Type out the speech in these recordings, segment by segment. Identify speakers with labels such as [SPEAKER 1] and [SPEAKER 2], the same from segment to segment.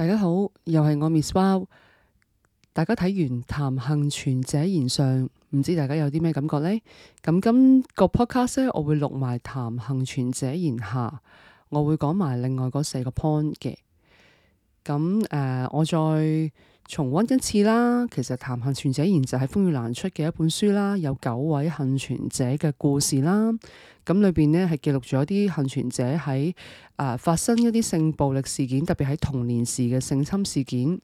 [SPEAKER 1] 大家好，又係我 Miss Wow。大家睇完《談幸存者言上》，唔知大家有啲咩感覺呢？咁今個 podcast 咧，我會錄埋《談幸存者言下》，我會講埋另外嗰四個 point 嘅。咁誒、呃，我再。重温一次啦，其實《談幸存者言》就係風雨蘭出嘅一本書啦，有九位幸存者嘅故事啦。咁裏邊呢，係記錄咗啲幸存者喺啊發生一啲性暴力事件，特別喺童年時嘅性侵事件，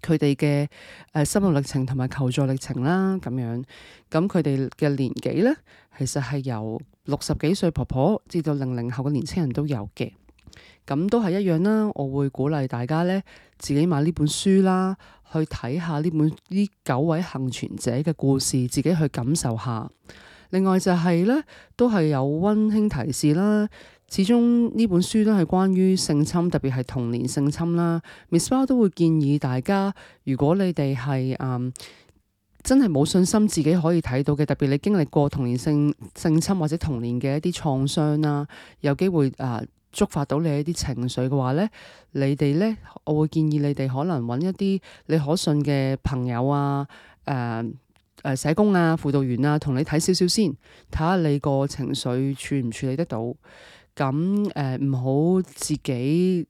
[SPEAKER 1] 佢哋嘅誒心路歷程同埋求助歷程啦，咁樣。咁佢哋嘅年紀呢，其實係由六十幾歲婆婆至到零零後嘅年輕人都有嘅。咁都係一樣啦，我會鼓勵大家呢，自己買呢本書啦，去睇下呢本呢九位倖存者嘅故事，自己去感受下。另外就係、是、呢，都係有温馨提示啦。始終呢本書都係關於性侵，特別係童年性侵啦。Miss 花都會建議大家，如果你哋係、嗯、真係冇信心自己可以睇到嘅，特別你經歷過童年性性侵或者童年嘅一啲創傷啦，有機會誒。呃觸發到你一啲情緒嘅話咧，你哋咧，我會建議你哋可能揾一啲你可信嘅朋友啊、誒、呃、誒、呃、社工啊、輔導員啊，同你睇少少先，睇下你個情緒處唔處理得到。咁誒唔好自己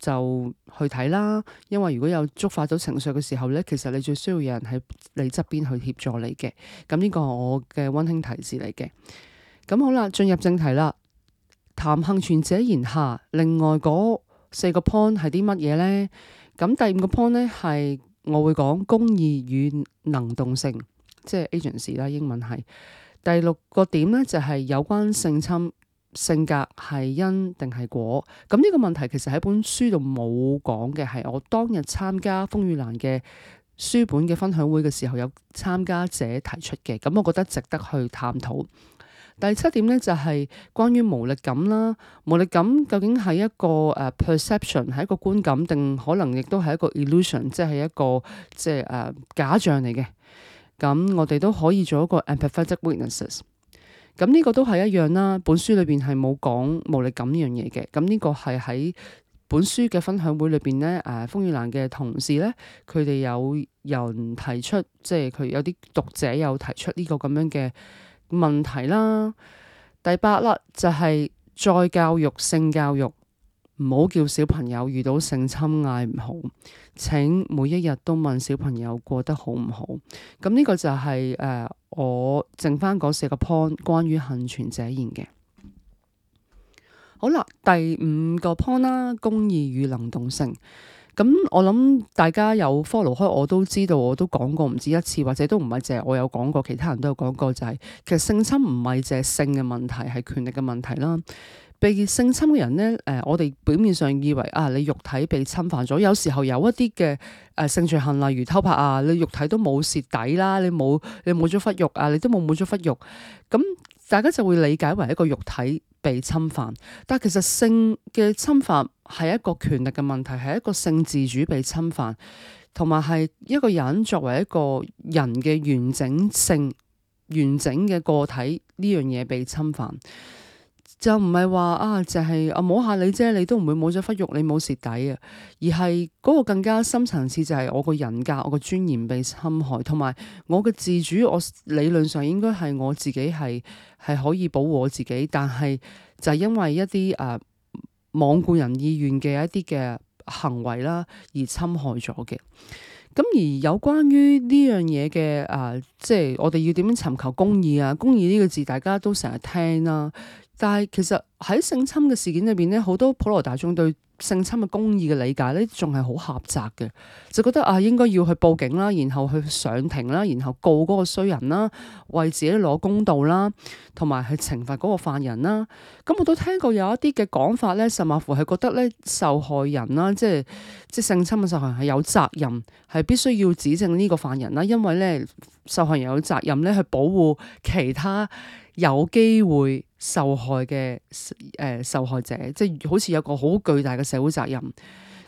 [SPEAKER 1] 就去睇啦，因為如果有觸發到情緒嘅時候咧，其實你最需要有人喺你側邊去協助你嘅。咁、嗯、呢、這個係我嘅溫馨提示嚟嘅。咁、嗯、好啦，進入正題啦。談幸存者言下，另外嗰四個 point 係啲乜嘢呢？咁第五個 point 呢，係我會講公義與能動性，即係 agency 啦，英文係。第六個點呢，就係有關性侵性格係因定係果。咁、這、呢個問題其實喺本書度冇講嘅，係我當日參加風雨蘭嘅書本嘅分享會嘅時候，有參加者提出嘅。咁我覺得值得去探討。第七點咧就係、是、關於無力感啦，無力感究竟係一個誒 perception 係一個觀感，定可能亦都係一個 illusion，即係一個即係誒、啊、假象嚟嘅。咁我哋都可以做一個 empathetic witnesses。咁呢個都係一樣啦。本書裏邊係冇講無力感呢樣嘢嘅。咁呢個係喺本書嘅分享會裏邊、啊、呢。誒風雨蘭嘅同事咧，佢哋有人提出，即係佢有啲讀者有提出呢個咁樣嘅。問題啦，第八啦就係、是、再教育性教育，唔好叫小朋友遇到性侵嗌唔好，請每一日都問小朋友過得好唔好。咁呢個就係、是、誒、呃、我剩翻嗰四個 point 關於幸存者言嘅。好啦，第五個 point 啦，公義與能動性。咁我諗大家有 follow 開我都知道，我都講過唔止一次，或者都唔係淨係我有講過，其他人都有講過，就係、是、其實性侵唔係淨係性嘅問題，係權力嘅問題啦。被性侵嘅人呢，誒、呃，我哋表面上以為啊，你肉體被侵犯咗，有時候有一啲嘅誒性罪行，例如偷拍啊，你肉體都冇蝕底啦，你冇你冇咗忽肉啊，你都冇冇咗忽肉，咁、嗯、大家就會理解為一個肉體。被侵犯，但其實性嘅侵犯係一個權力嘅問題，係一個性自主被侵犯，同埋係一個人作為一個人嘅完整性、完整嘅個體呢樣嘢被侵犯。就唔係話啊，就係、是、啊摸下你啫，你都唔會冇咗忽肉，你冇蝕底啊。而係嗰、那個更加深層次就係我個人格、我個尊嚴被侵害，同埋我嘅自主。我理論上應該係我自己係係可以保護我自己，但係就係因為一啲誒罔顧人意願嘅一啲嘅行為啦，而侵害咗嘅。咁而有關於呢、啊就是、樣嘢嘅誒，即係我哋要點樣尋求公義啊？公義呢個字大家都成日聽啦。但係，其實喺性侵嘅事件裏邊咧，好多普羅大眾對性侵嘅公義嘅理解咧，仲係好狹窄嘅，就覺得啊，應該要去報警啦，然後去上庭啦，然後告嗰個衰人啦，為自己攞公道啦，同埋去懲罰嗰個犯人啦。咁我都聽過有一啲嘅講法咧，甚至乎係覺得咧，受害人啦，即係即係性侵嘅受害人係有責任係必須要指證呢個犯人啦，因為咧受害人有責任咧去保護其他有機會。受害嘅誒、呃、受害者，即係好似有個好巨大嘅社會責任。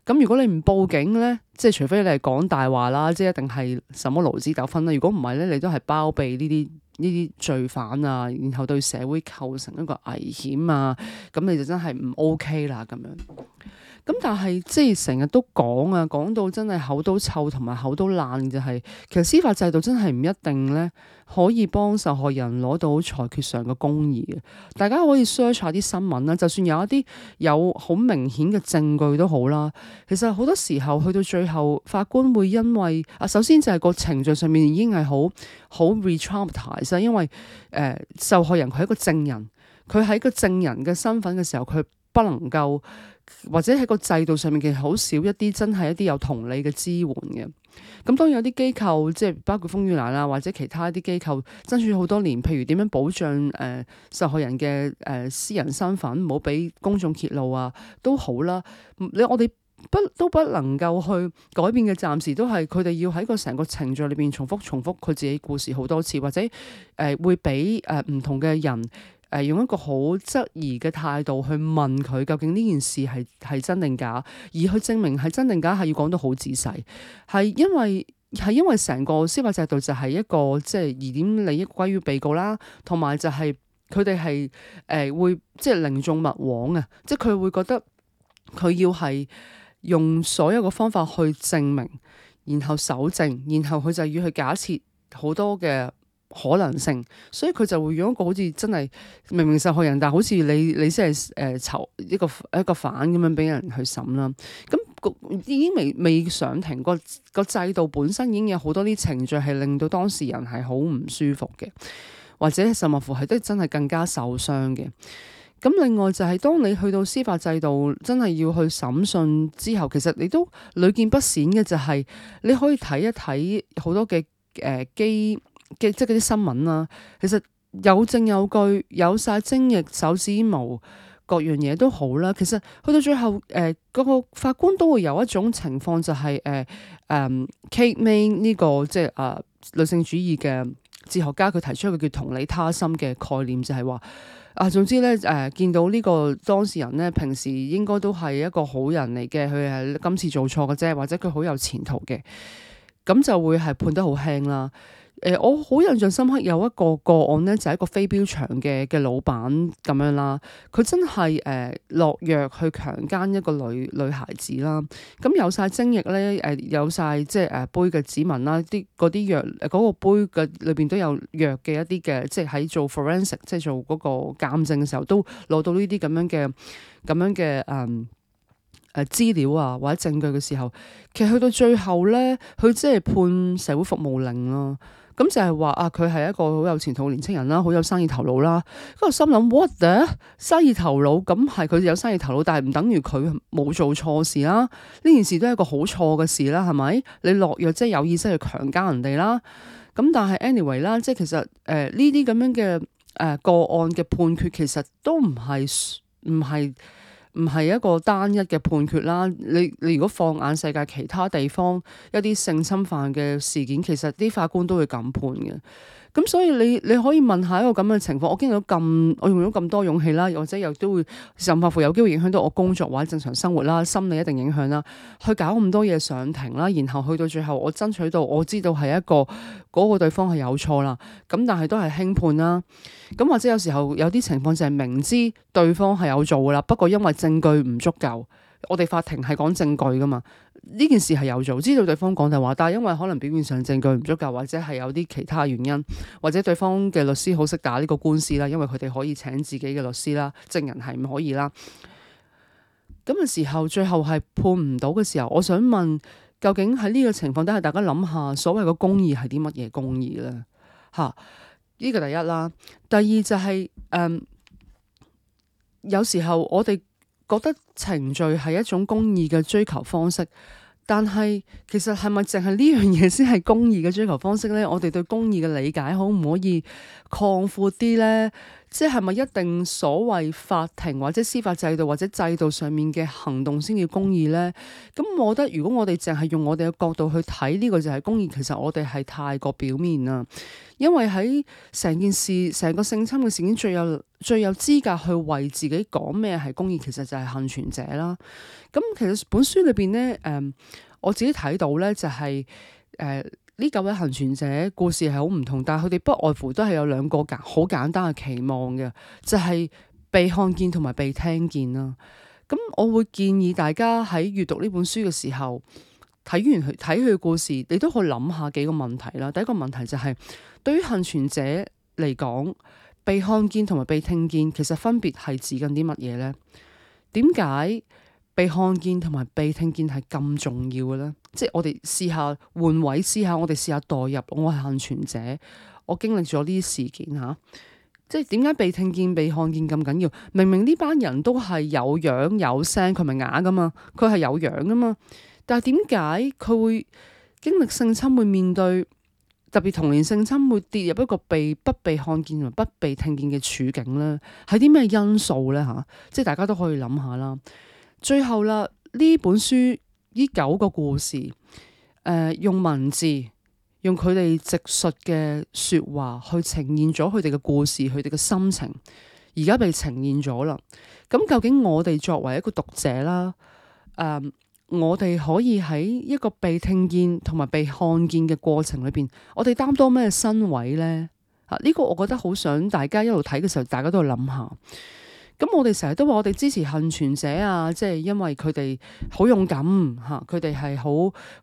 [SPEAKER 1] 咁如果你唔報警咧，即係除非你係講大話啦，即係一定係什麼勞資糾紛啦。如果唔係咧，你都係包庇呢啲呢啲罪犯啊，然後對社會構成一個危險啊。咁你就真係唔 OK 啦，咁樣。咁但係即係成日都講啊，講到真係口都臭同埋口都爛就係、是，其實司法制度真係唔一定咧可以幫受害人攞到裁決上嘅公義嘅。大家可以 search 下啲新聞啦，就算有一啲有好明顯嘅證據都好啦。其實好多時候去到最後，法官會因為啊，首先就係個程序上面已經係好好 retraumatise，因為誒、呃、受害人佢係一個證人，佢喺個證人嘅身份嘅時候，佢不能夠。或者喺個制度上面其實好少一啲真係一啲有同理嘅支援嘅。咁當然有啲機構即係包括風雨蘭啊，或者其他啲機構爭取好多年，譬如點樣保障誒、呃、受害人嘅誒、呃、私人身份唔好俾公眾揭露啊，都好啦。你我哋不都不能夠去改變嘅，暫時都係佢哋要喺個成個程序裏邊重複重複佢自己故事好多次，或者誒、呃、會俾誒唔同嘅人。誒用一個好質疑嘅態度去問佢，究竟呢件事係係真定假？而去證明係真定假，係要講得好仔細。係因為係因為成個司法制度就係一個即係、就是、疑點利益歸於被告啦，同埋就係佢哋係誒會即係寧縱勿枉。啊！即係佢會覺得佢要係用所有嘅方法去證明，然後搜證，然後佢就要去假設好多嘅可能性，所以佢就會用一個好似真係明明受害人，但係好似你你先係誒囚一個一個犯咁樣俾人去審啦。咁、那個、已經未未上庭個個制度本身已經有好多啲程序係令到當事人係好唔舒服嘅，或者甚至乎係都真係更加受傷嘅。咁另外就係、是、當你去到司法制度真係要去審訊之後，其實你都屢見不鮮嘅、就是，就係你可以睇一睇好多嘅誒機。呃即係嗰啲新聞啦，其實有證有據，有晒精液、手指毛，各樣嘢都好啦。其實去到最後，誒、呃、嗰、嗰個法官都會有一種情況，就係誒誒 Kate Man 呢、呢個即係啊女性主義嘅哲學家，佢提出一個叫同理他心嘅概念，就係、係、話啊，總之咧誒、呃、見到呢個當事人呢，平時應該都係一個好人嚟嘅，佢係今次做錯嘅啫，或者佢好有前途嘅，咁就會係判得好輕啦。誒、呃，我好印象深刻，有一個個案咧，就係、是、一個飛鏢場嘅嘅老闆咁樣啦。佢真係誒、呃、落藥去強姦一個女女孩子啦。咁有晒精液咧，誒有晒即係誒杯嘅指紋啦，啲嗰啲藥嗰個杯嘅裏邊都有藥嘅一啲嘅，即係喺做 forensic 即係做嗰個鑑證嘅時候，都攞到呢啲咁樣嘅咁樣嘅誒誒資料啊，或者證據嘅時候，其實去到最後咧，佢真係判社會服務令咯。咁就係話啊，佢係一個好有前途嘅年輕人啦，好有生意頭腦啦。咁我心諗 what the？生意頭腦咁係佢有生意頭腦，但係唔、嗯、等於佢冇做錯事啦。呢件事都係一個好錯嘅事啦，係咪？你落藥即係有意識去強姦人哋啦。咁但係 anyway 啦，即係其實誒呢啲咁樣嘅誒、呃、個案嘅判決其實都唔係唔係。唔係一個單一嘅判決啦，你你如果放眼世界其他地方，一啲性侵犯嘅事件，其實啲法官都會噉判嘅。咁所以你你可以問下一個咁嘅情況，我經歷到咁，我用咗咁多勇氣啦，或者又都會甚至乎有機會影響到我工作或者正常生活啦，心理一定影響啦。去搞咁多嘢上庭啦，然後去到最後，我爭取到我知道係一個嗰個對方係有錯啦。咁但係都係輕判啦。咁或者有時候有啲情況就係明知對方係有做噶啦，不過因為證據唔足夠。我哋法庭係講證據噶嘛？呢件事係有做，知道對方講大話，但係因為可能表面上證據唔足夠，或者係有啲其他原因，或者對方嘅律師好識打呢個官司啦，因為佢哋可以請自己嘅律師啦，證人係唔可以啦。咁嘅時候，最後係判唔到嘅時候，我想問，究竟喺呢個情況底下，大家諗下，所謂嘅公義係啲乜嘢公義呢？吓，呢個第一啦，第二就係誒，有時候我哋。覺得程序係一種公義嘅追求方式，但係其實係咪淨係呢樣嘢先係公義嘅追求方式呢？我哋對公義嘅理解可唔可以擴闊啲呢？即係咪一定所謂法庭或者司法制度或者制度上面嘅行動先叫公義呢？咁我覺得如果我哋淨係用我哋嘅角度去睇呢個就係公義，其實我哋係太過表面啦。因為喺成件事成個性侵嘅事件，最有最有資格去為自己講咩係公義，其實就係幸存者啦。咁其實本書裏邊呢，誒、呃、我自己睇到呢、就係，就係誒。呢九位幸存者故事係好唔同，但係佢哋不外乎都係有兩個好簡單嘅期望嘅，就係、是、被看見同埋被聽見啦。咁我會建議大家喺閱讀呢本書嘅時候，睇完佢睇佢故事，你都可以諗下幾個問題啦。第一個問題就係、是、對於幸存者嚟講，被看見同埋被聽見其實分別係指緊啲乜嘢咧？點解被看見同埋被聽見係咁重要嘅咧？即係我哋試下換位思考，下我哋試下代入，我係幸存者，我經歷咗呢啲事件吓、啊，即係點解被聽見被看見咁緊要？明明呢班人都係有樣有聲，佢唔係啞噶嘛，佢係有樣噶嘛，但係點解佢會經歷性侵，會面對特別童年性侵，會跌入一個被不被看見同埋不被聽見嘅處境呢？係啲咩因素呢？吓、啊，即係大家都可以諗下啦。最後啦，呢本書。呢九個故事，誒、呃、用文字用佢哋直述嘅說話去呈現咗佢哋嘅故事，佢哋嘅心情，而家被呈現咗啦。咁、嗯、究竟我哋作為一個讀者啦、呃，我哋可以喺一個被聽見同埋被看見嘅過程裏邊，我哋擔當咩身位呢？啊，呢個我覺得好想大家一路睇嘅時候，大家都諗下。咁我哋成日都話我哋支持幸存者啊，即係因為佢哋好勇敢嚇，佢哋係好，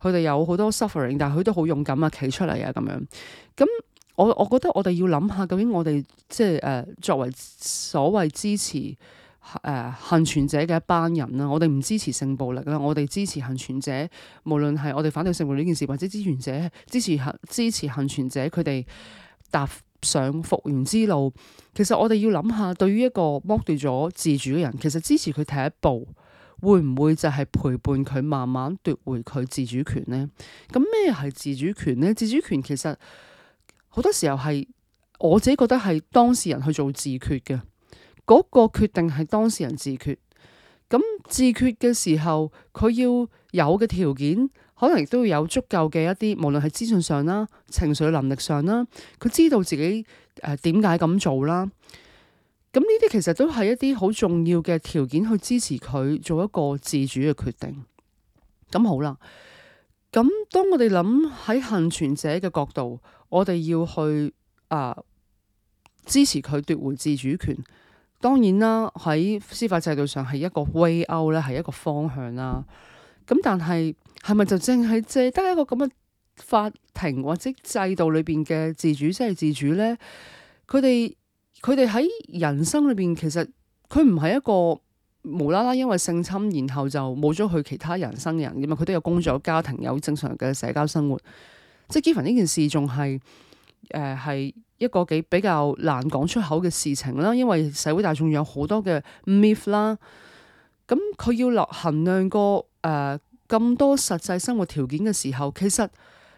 [SPEAKER 1] 佢哋有好多 suffering，但係佢都好勇敢啊，企出嚟啊咁樣。咁我我覺得我哋要諗下，究竟我哋即係誒作為所謂支持誒幸存者嘅一班人啦，我哋唔支持性暴力啦，我哋支持幸存者，無論係我哋反對性暴力呢件事，或者支援者支持幸支持幸存者佢哋達上復原之路，其實我哋要諗下，對於一個剝奪咗自主嘅人，其實支持佢第一步會唔會就係陪伴佢慢慢奪回佢自主權呢？咁咩係自主權呢？自主權其實好多時候係我自己覺得係當事人去做自決嘅嗰個決定，係當事人自決，咁自決嘅時候，佢要。有嘅條件，可能亦都要有足夠嘅一啲，無論喺資訊上啦、情緒能力上啦，佢知道自己誒點解咁做啦。咁呢啲其實都係一啲好重要嘅條件去支持佢做一個自主嘅決定。咁好啦，咁當我哋諗喺幸存者嘅角度，我哋要去啊支持佢奪回自主權。當然啦，喺司法制度上係一個 way out，係一個方向啦。咁但係係咪就淨係借得一個咁嘅法庭或者制度裏邊嘅自主即係自主呢，佢哋佢哋喺人生裏邊，其實佢唔係一個無啦啦因為性侵然後就冇咗佢其他人生嘅人，因為佢都有工作、家庭、有正常嘅社交生活。即係基凡呢件事仲係誒係一個幾比較難講出口嘅事情啦，因為社會大眾有好多嘅 myth 啦。咁佢要落衡量過誒咁多實際生活條件嘅時候，其實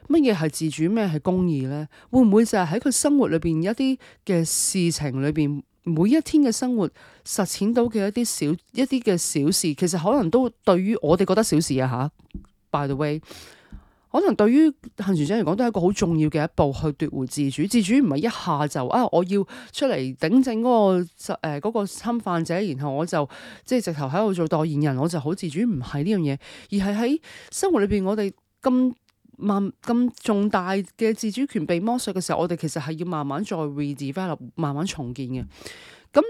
[SPEAKER 1] 乜嘢係自主，咩係公義呢？會唔會就係喺佢生活裏邊一啲嘅事情裏邊，每一天嘅生活實踐到嘅一啲小一啲嘅小事，其實可能都對於我哋覺得小事啊吓 By the way。可能對於行船長嚟講，都係一個好重要嘅一步，去奪回自主。自主唔係一下就啊，我要出嚟頂正嗰、嗰個誒、呃嗰個、侵犯者，然後我就即係直頭喺度做代言人，我就好自主。唔係呢樣嘢，而係喺生活裏邊，我哋咁慢咁重大嘅自主權被剝削嘅時候，我哋其實係要慢慢再 redevelop，慢慢重建嘅。咁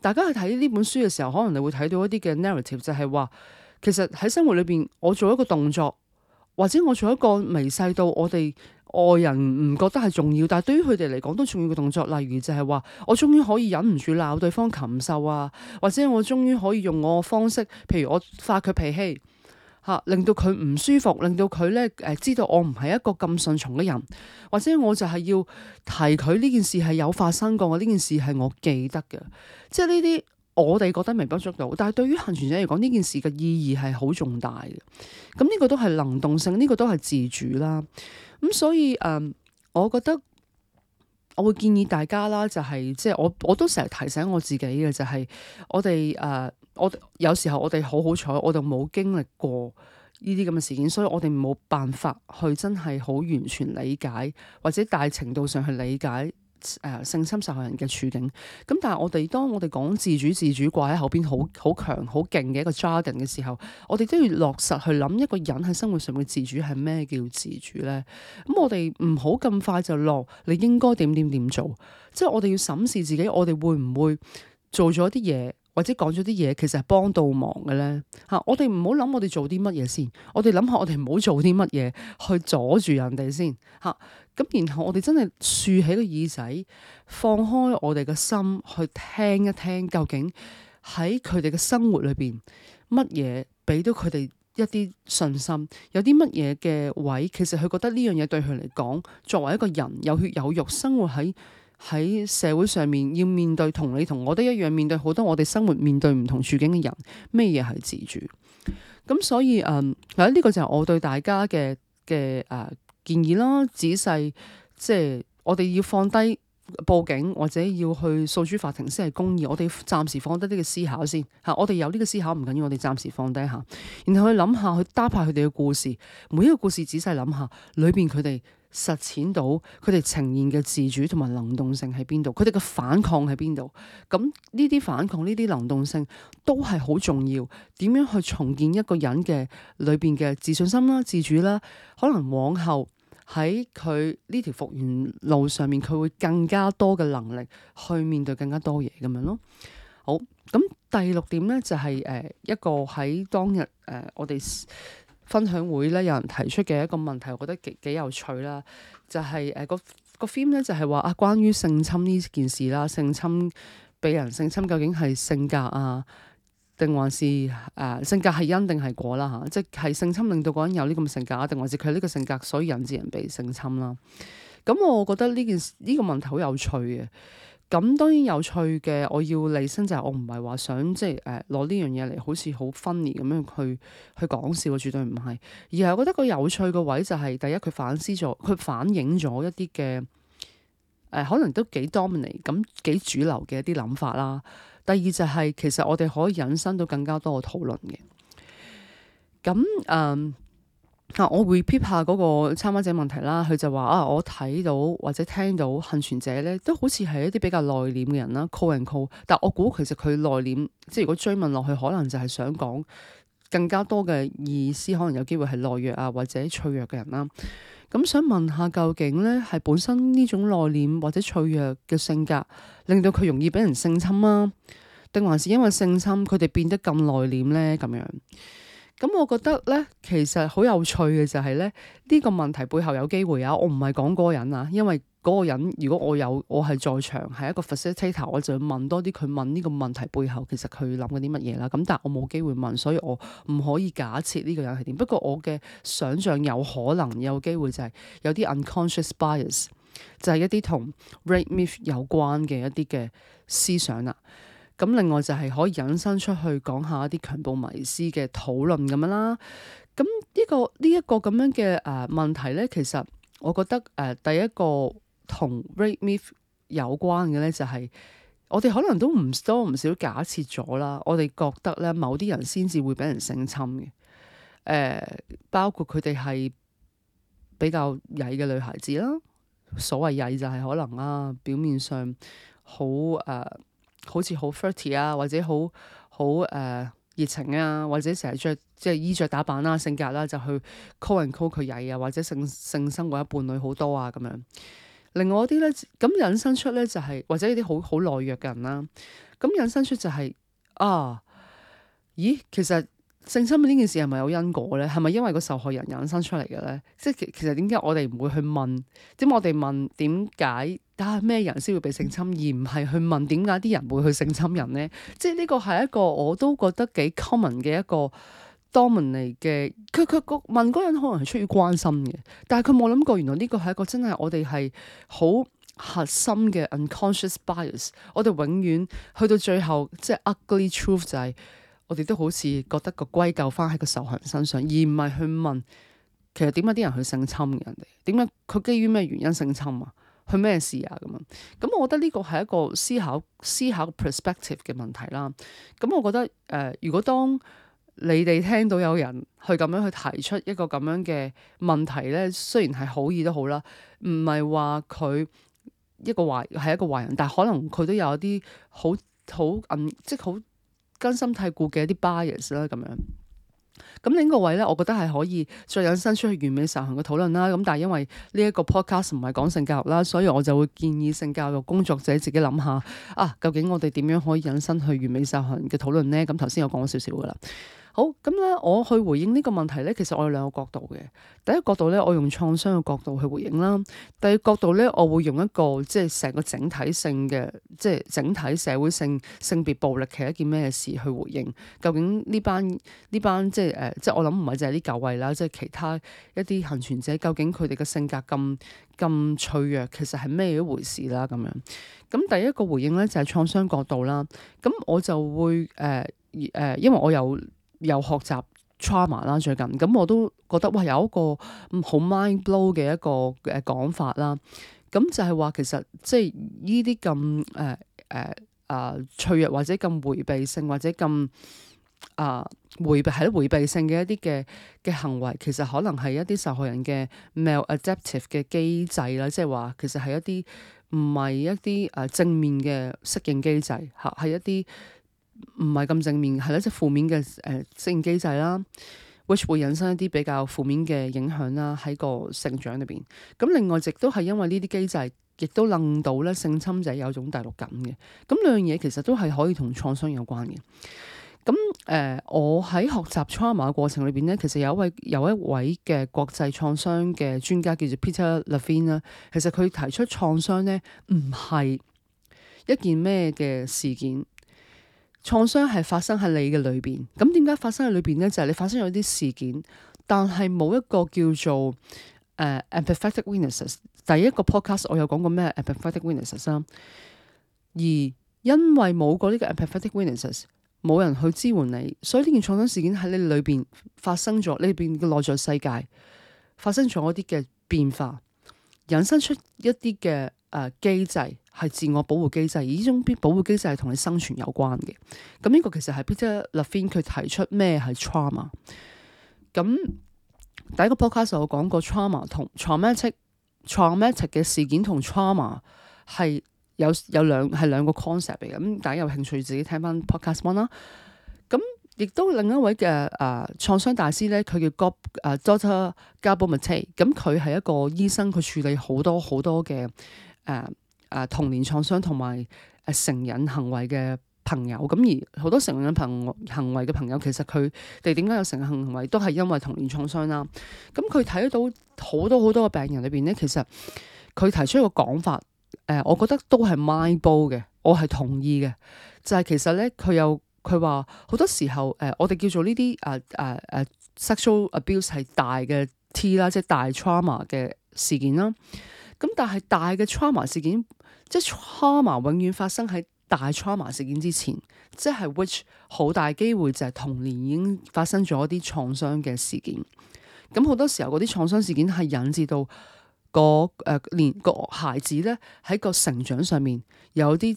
[SPEAKER 1] 大家去睇呢本書嘅時候，可能你會睇到一啲嘅 narrative，就係話其實喺生活裏邊，我做一個動作。或者我做一個微細到我哋外人唔覺得係重要，但係對於佢哋嚟講都重要嘅動作，例如就係話我終於可以忍唔住鬧對方禽獸啊，或者我終於可以用我嘅方式，譬如我發佢脾氣嚇啊，令到佢唔舒服，令到佢咧誒知道我唔係一個咁順從嘅人，或者我就係要提佢呢件事係有發生過，我呢件事係我記得嘅，即係呢啲。我哋覺得微不足道，但係對於幸存者嚟講，呢件事嘅意義係好重大嘅。咁、這、呢個都係能動性，呢、這個都係自主啦。咁、嗯、所以誒、呃，我覺得我會建議大家啦，就係、是、即係我我都成日提醒我自己嘅，就係我哋誒，我，、呃、我有時候我哋好好彩，我就冇經歷過呢啲咁嘅事件，所以我哋冇辦法去真係好完全理解，或者大程度上去理解。誒，性侵受害人嘅處境，咁但係我哋當我哋講自主，自主掛喺後邊，好好強好勁嘅一個 jargon 嘅時候，我哋都要落實去諗一個人喺生活上嘅自主係咩叫自主咧？咁我哋唔好咁快就落你應該點點點做，即係我哋要審視自己，我哋會唔會做咗啲嘢或者講咗啲嘢，其實係幫到忙嘅咧？吓，我哋唔好諗我哋做啲乜嘢先，我哋諗下我哋唔好做啲乜嘢去阻住人哋先吓。咁，然後我哋真係豎起個耳仔，放開我哋嘅心去聽一聽，究竟喺佢哋嘅生活裏邊，乜嘢俾到佢哋一啲信心？有啲乜嘢嘅位，其實佢覺得呢樣嘢對佢嚟講，作為一個人有血有肉，生活喺喺社會上面，要面對同你同我都一樣面對好多我哋生活面對唔同處境嘅人，咩嘢係自主？咁所以，嗯，嗱，呢個就係我對大家嘅嘅誒。建議啦，仔細即係我哋要放低報警或者要去訴諸法庭先係公義。我哋暫時放低呢個思考先吓，我哋有呢個思考唔緊要，我哋暫時放低下，然後去諗下去搭配佢哋嘅故事，每一個故事仔細諗下，裏邊佢哋實踐到佢哋呈現嘅自主同埋能動性喺邊度，佢哋嘅反抗喺邊度。咁呢啲反抗、呢啲能動性都係好重要。點樣去重建一個人嘅裏邊嘅自信心啦、自主啦？可能往後。喺佢呢條復原路上面，佢會更加多嘅能力去面對更加多嘢咁樣咯。好，咁第六點呢，就係誒一個喺當日誒我哋分享會咧有人提出嘅一個問題，我覺得幾幾有趣啦。就係誒、呃，那個那個 film 咧就係話啊，關於性侵呢件事啦，性侵被人性侵究竟係性格啊？定還是誒、呃、性格係因定係果啦嚇、啊，即係性侵令到個人有呢咁性格，定還是佢呢個性格所以引致人被性侵啦？咁、啊嗯、我覺得呢件呢、呢個問題好有趣嘅。咁、嗯、當然有趣嘅，我要釐清就係我唔係話想即係誒攞呢樣嘢嚟好似好 funny 咁樣去去講笑，絕對唔係。而係我覺得個有趣嘅位就係、是、第一，佢反思咗，佢反映咗一啲嘅誒，可能都幾 dominant 咁幾主流嘅一啲諗法啦。啊。第二就係、是、其實我哋可以引申到更加多嘅討論嘅咁誒啊！我 repeat 下嗰個參加者問題啦。佢就話啊，我睇到或者聽到幸存者咧，都好似係一啲比較內斂嘅人啦，call 人 call。但我估其實佢內斂，即係如果追問落去，可能就係想講更加多嘅意思，可能有機會係懦弱啊或者脆弱嘅人啦。咁、嗯、想問下，究竟呢係本身呢種內斂或者脆弱嘅性格，令到佢容易俾人性侵啊？定還是因為性侵，佢哋變得咁內斂呢？咁樣咁，咁我覺得咧，其實好有趣嘅就係咧，呢個問題背後有機會啊。我唔係講嗰個人啊，因為嗰個人如果我有我係在場，係一個 facilitator，我就要問多啲佢問呢個問題背後其實佢諗嗰啲乜嘢啦。咁，但我冇機會問，所以我唔可以假設呢個人係點。不過我嘅想像有可能有機會就係有啲 unconscious bias，就係一啲同 rape myth 有關嘅一啲嘅思想啦、啊。咁另外就係可以引申出去講下一啲強暴迷思嘅討論咁樣啦。咁呢、這個呢一、這個咁樣嘅誒、呃、問題咧，其實我覺得誒、呃、第一個同 rape myth 有關嘅咧、就是，就係我哋可能都唔多唔少假設咗啦。我哋覺得咧，某啲人先至會俾人性侵嘅。誒、呃，包括佢哋係比較曳嘅女孩子啦。所謂曳就係可能啦，表面上好誒。呃好似好 flirty 啊，或者好好誒熱情啊，或者成日着即係衣着打扮啦、啊、性格啦、啊，就去 call and call 佢曳啊，或者性性生活一伴侶好多啊咁樣。另外一啲咧，咁引申出咧就係、是、或者啲好好懦弱嘅人啦、啊。咁引申出就係、是、啊，咦，其實。性侵呢件事係咪有因果咧？係咪因為個受害人引申出嚟嘅咧？即係其實點解我哋唔會去問？點解我哋問點解？但係咩人先會被性侵，而唔係去問點解啲人會去性侵人咧？即係呢個係一個我都覺得幾 common 嘅一個 dominant 嘅佢佢個問嗰人可能係出於關心嘅，但係佢冇諗過原來呢個係一個真係我哋係好核心嘅 unconscious bias。我哋永遠去到最後，即係 ugly truth 就係、是。我哋都好似覺得個歸咎翻喺個受害人身上，而唔係去問其實點解啲人去性侵人哋？點解佢基於咩原因性侵啊？去咩事啊？咁啊？咁我覺得呢個係一個思考思考嘅 perspective 嘅問題啦。咁、嗯、我覺得誒、呃，如果當你哋聽到有人去咁樣去提出一個咁樣嘅問題咧，雖然係好意都好啦，唔係話佢一個壞係一個壞人，但可能佢都有一啲好好嗯即係好。根深蒂固嘅一啲 bias 啦，咁樣。咁另一個位呢，我覺得係可以再引申出去完美實行嘅討論啦。咁但係因為呢一個 podcast 唔係講性教育啦，所以我就會建議性教育工作者自己諗下，啊，究竟我哋點樣可以引申去完美實行嘅討論呢？咁頭先我講少少嘅啦。好，咁咧，我去回應呢個問題咧。其實我有兩個角度嘅。第一個角度咧，我用創傷嘅角度去回應啦。第二個角度咧，我會用一個即係成個整體性嘅，即係整體社會性性別暴力係一件咩事去回應。究竟呢班呢班即係誒，即係我諗唔係淨係啲九位啦，即係其他一啲幸存者，究竟佢哋嘅性格咁咁脆弱，其實係咩一回事啦？咁樣，咁第一個回應咧就係創傷角度啦。咁我就會誒誒、呃呃，因為我有。又學習 trauma 啦，最近咁我都覺得哇，有一個好 mind blow 嘅一個誒講法啦。咁就係、是、話其實即係呢啲咁誒誒啊脆弱或者咁迴避性或者咁啊、呃、迴避係咯迴避性嘅一啲嘅嘅行為，其實可能係一啲受害人嘅 maladaptive e 嘅機制啦，即係話其實係一啲唔係一啲誒正面嘅適應機制嚇，係一啲。唔係咁正面，係一種負面嘅誒適應機制啦，which 會引申一啲比較負面嘅影響啦，喺個成長裏邊。咁另外，亦都係因為呢啲機制，亦都諗到呢性侵者有種大陸感嘅。咁兩樣嘢其實都係可以同創傷有關嘅。咁誒、呃，我喺學習 trauma 嘅過程裏邊呢，其實有一位有一位嘅國際創傷嘅專家叫做 Peter Levine 啦。其實佢提出創傷呢，唔係一件咩嘅事件。創傷係發生喺你嘅裏邊，咁點解發生喺裏邊呢？就係、是、你發生咗啲事件，但係冇一個叫做誒 empathetic、uh, witnesses。第一個 podcast 我有講過咩 empathetic witnesses，、啊、而因為冇個呢個 empathetic witnesses，冇人去支援你，所以呢件創傷事件喺你裏邊發生咗，呢邊嘅內在世界發生咗一啲嘅變化，引申出一啲嘅。誒機制係自我保護機制，而呢種保護機制係同你生存有關嘅。咁呢個其實係 Peter Levine 佢提出咩係 trauma。咁第一個 podcast 我講過 trauma 同 tra、um、traumatic traumatic 嘅事件同 trauma 係有有兩係兩個 concept 嚟嘅。咁大家有興趣自己聽翻 podcast one 啦。咁亦都另一位嘅誒、呃、創傷大師咧，佢叫 Doctor Gabor Maté。咁佢係一個醫生，佢處理好多好多嘅。誒誒、啊啊，童年創傷同埋誒成癮行為嘅朋友，咁而好多成癮朋行為嘅朋友，其實佢哋點解有成癮行為，都係因為童年創傷啦。咁佢睇到好多好多嘅病人裏邊咧，其實佢提出一個講法，誒、呃，我覺得都係 mind blow 嘅，我係同意嘅。就係、是、其實咧，佢有佢話好多時候，誒、呃，我哋叫做呢啲誒誒誒 sexual abuse 係大嘅 T 啦，即係大 trauma 嘅事件啦。咁但係大嘅 trauma 事件，即係 trauma 永遠發生喺大 trauma 事件之前，即係 which 好大機會就係童年已經發生咗一啲創傷嘅事件。咁好多時候嗰啲創傷事件係引致到個誒，連個孩子咧喺個成長上面有啲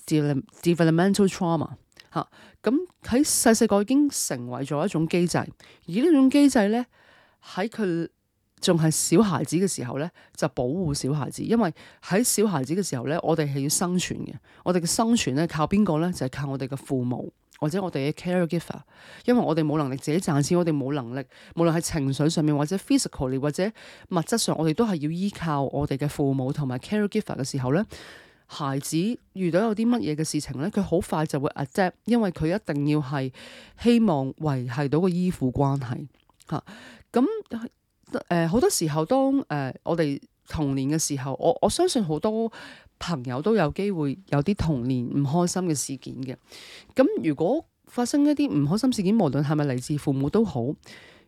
[SPEAKER 1] developmental trauma 吓。咁喺細細個已經成為咗一種機制，而呢種機制咧喺佢，仲係小孩子嘅時候呢，就保護小孩子，因為喺小孩子嘅時候呢，我哋係要生存嘅。我哋嘅生存呢，靠邊個呢？就係靠我哋嘅父母或者我哋嘅 caregiver，因為我哋冇能力自己賺錢，我哋冇能力，無論係情緒上面或者 physically 或者物質上，我哋都係要依靠我哋嘅父母同埋 caregiver 嘅時候呢。孩子遇到有啲乜嘢嘅事情呢，佢好快就會 adapt，因為佢一定要係希望維係到個依附關係嚇咁。啊。誒，好多時候當誒，我哋童年嘅時候，我我相信好多朋友都有機會有啲童年唔開心嘅事件嘅。咁如果發生一啲唔開心事件，無論係咪嚟自父母都好。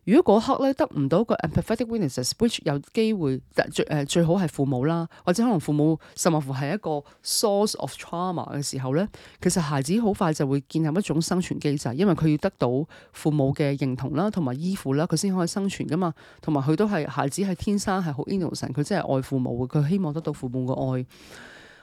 [SPEAKER 1] 如果嗰刻咧得唔到個 empathetic witnesses，which 有機會最誒、呃、最好係父母啦，或者可能父母甚或乎係一個 source of trauma 嘅時候咧，其實孩子好快就會建立一種生存機制，因為佢要得到父母嘅認同啦，同埋依附啦，佢先可以生存噶嘛，同埋佢都係孩子係天生係好 innocent，佢真係愛父母，佢希望得到父母嘅愛。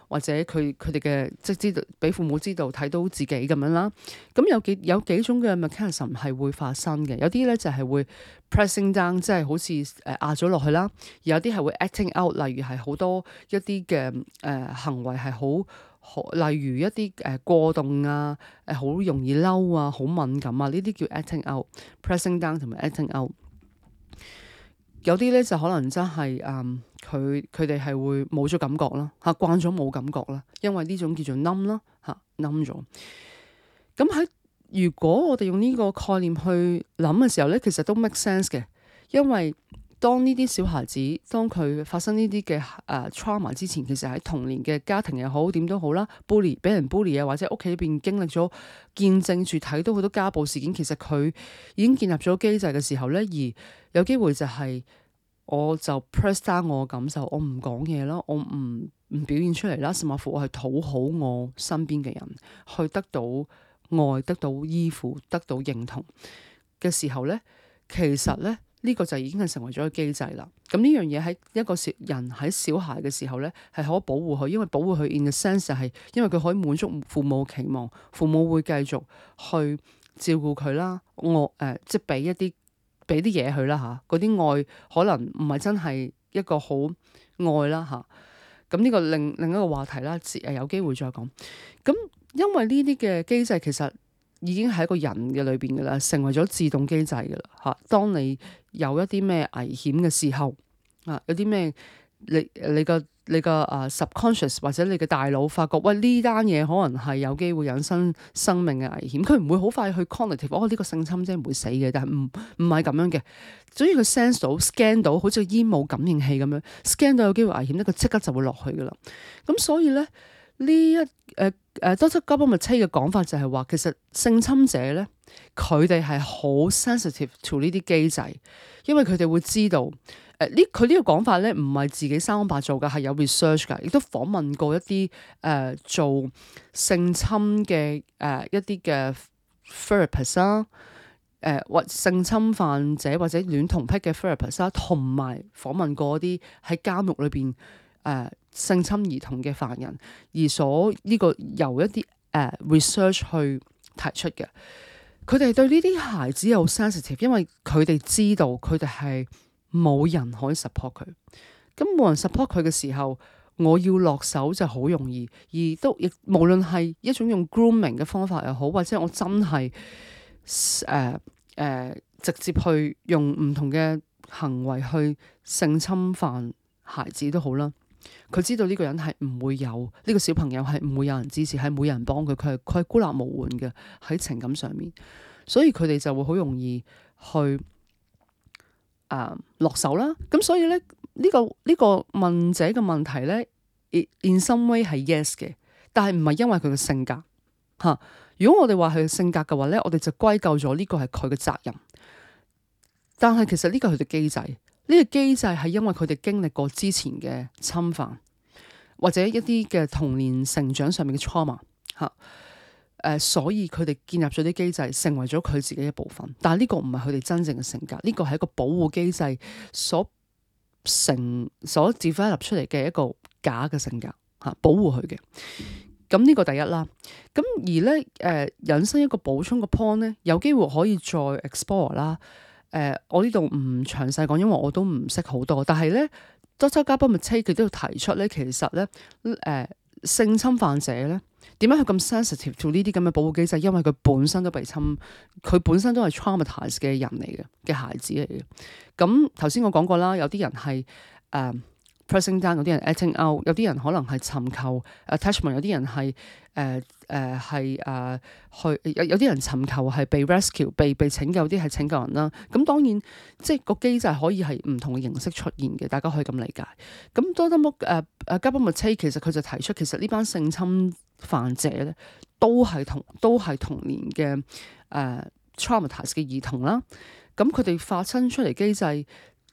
[SPEAKER 1] 或者佢佢哋嘅即知道俾父母知道睇到自己咁樣啦。咁有幾有幾種嘅 mechanism 係會發生嘅。有啲咧就係會 pressing down，即係好似誒壓咗落去啦。有啲係會 acting out，例如係好多一啲嘅誒行為係好好，例如一啲誒過動啊，誒好容易嬲啊，好敏感啊，呢啲叫 acting out、pressing down 同埋 acting out。有啲咧就可能真係，嗯，佢佢哋係會冇咗感覺啦，嚇慣咗冇感覺啦，因為呢種叫做 numb 啦，嚇 numb 咗。咁喺如果我哋用呢個概念去諗嘅時候咧，其實都 make sense 嘅，因為當呢啲小孩子當佢發生呢啲嘅誒、uh, trauma 之前，其實喺童年嘅家庭又好，點都好啦，bully 俾人 bully 啊，或者屋企邊經歷咗見證住睇到好多家暴事件，其實佢已經建立咗機制嘅時候咧，而有機會就係，我就 press down 我嘅感受，我唔講嘢啦，我唔唔表現出嚟啦，甚至乎我係討好我身邊嘅人，去得到愛，得到依附，得到認同嘅時候咧，其實咧呢個就已經係成為咗一個機制啦。咁呢樣嘢喺一個人喺小孩嘅時候咧，係可以保護佢，因為保護佢 in a sense 係因為佢可以滿足父母期望，父母會繼續去照顧佢啦。我誒、呃、即係俾一啲。俾啲嘢佢啦嚇，嗰啲愛可能唔係真係一個好愛啦嚇。咁呢個另另一個話題啦，誒有機會再講。咁因為呢啲嘅機制其實已經喺一個人嘅裏邊噶啦，成為咗自動機制噶啦嚇。當你有一啲咩危險嘅時候啊，有啲咩？你你個你個啊 subconscious 或者你個大腦發覺喂，呢單嘢，可能係有機會引申生，生命嘅危險，佢唔會好快去 cognitive，哦呢、這個性侵者唔會死嘅，但係唔唔係咁樣嘅，所以佢 sense 到 scan 到好似煙霧感應器咁樣 scan 到有機會危險咧，佢即刻就會落去噶啦。咁所以咧呢一誒誒多特加波密車嘅講法就係話，其實性侵者咧，佢哋係好 sensitive to 呢啲機制，因為佢哋會知道。誒呢佢呢個講法咧，唔係自己三安八做㗎，係有 research 㗎，亦都訪問過一啲誒、呃、做性侵嘅誒、呃、一啲嘅 therapist 啊、呃，誒或性侵犯者或者戀童癖嘅 therapist 同埋訪問過啲喺監獄裏邊誒性侵兒童嘅犯人，而所呢、呢個由一啲誒、呃、research 去提出嘅，佢哋對呢啲孩子有 sensitive，因為佢哋知道佢哋係。冇人可以 support 佢，咁冇人 support 佢嘅時候，我要落手就好容易，而都亦無論係一種用 grooming 嘅方法又好，或者我真係誒誒直接去用唔同嘅行為去性侵犯孩子都好啦。佢知道呢個人係唔會有呢個小朋友係唔會有人支持，係冇人幫佢，佢係佢係孤立無援嘅喺情感上面，所以佢哋就會好容易去。啊，uh, 落手啦。咁所以咧，呢、呢個呢、呢個問者嘅問題咧，in some way 係 yes 嘅，但係唔係因為佢嘅性格吓、啊。如果我哋話佢嘅性格嘅話咧，我哋就歸咎咗呢個係佢嘅責任。但係其實呢個係佢嘅機制呢、呢個機制係因為佢哋經歷過之前嘅侵犯或者一啲嘅童年成長上面嘅 trauma 吓、啊。誒、呃，所以佢哋建立咗啲機制，成為咗佢自己一部分。但係呢個唔係佢哋真正嘅性格，呢、這個係一個保護機制所成、所 develop 出嚟嘅一個假嘅性格嚇、啊，保護佢嘅。咁、啊、呢、這個第一啦。咁、啊、而咧誒、呃，引申一個補充嘅 point 咧，有機會可以再 explore 啦。誒、呃，我呢度唔詳細講，因為我都唔識好多。但係咧，德州加布密妻佢都要提出咧，其實咧誒、呃，性侵犯者咧。點解佢咁 sensitive to 呢啲咁嘅保護機制？因為佢本身都被侵，佢本身都係 traumatized 嘅人嚟嘅，嘅孩子嚟嘅。咁頭先我講過啦，有啲人係誒、呃、pressing down，有啲人 acting out，有啲人可能係尋求 attachment，有啲人係誒誒係誒去有有啲人尋求係被 rescue，被被拯救，啲係拯救人啦。咁當然即係個機制可以係唔同嘅形式出現嘅，大家可以咁理解。咁多德木誒誒加布麥切其實佢就提出，其實呢班性侵犯者咧都係同都係童年嘅誒、呃、traumatized 嘅兒童啦，咁佢哋化身出嚟機制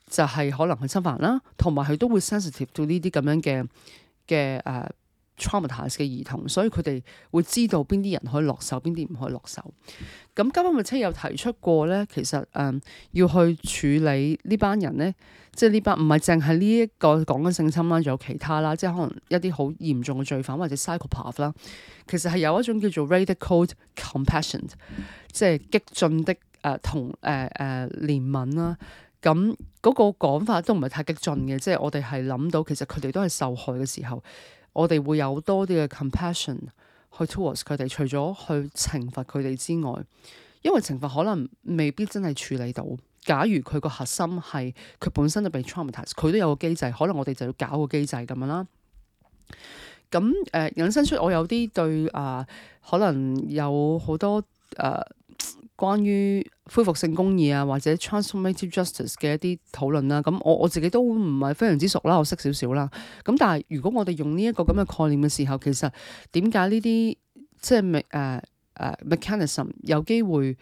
[SPEAKER 1] 就係可能佢侵犯啦，同埋佢都會 sensitive to 呢啲咁樣嘅嘅誒。traumatize 嘅兒童，所以佢哋會知道邊啲人可以落手，邊啲唔可以落手。咁今日車友提出過咧，其實誒、嗯、要去處理呢班人咧，即係呢班唔係淨係呢一個講緊性侵啦，仲有其他啦，即係可能一啲好嚴重嘅罪犯或者 psychopath 啦。其實係有一種叫做 radical compassion，即係激進的誒同誒誒憐憫啦。咁、那、嗰個講法都唔係太激進嘅，即係我哋係諗到其實佢哋都係受害嘅時候。我哋會有多啲嘅 compassion 去 towards 佢哋，除咗去懲罰佢哋之外，因為懲罰可能未必真係處理到。假如佢個核心係佢本身就被 traumatized，佢都有個機制，可能我哋就要搞個機制咁樣啦。咁、嗯、誒引申出我有啲對啊、呃，可能有好多誒。呃關於恢復性公義啊，或者 transformative justice 嘅一啲討論啦，咁我我自己都唔係非常之熟啦，我識少少啦。咁但係如果我哋用呢一個咁嘅概念嘅時候，其實點解呢啲即係 me、uh, uh, mechanism 有機會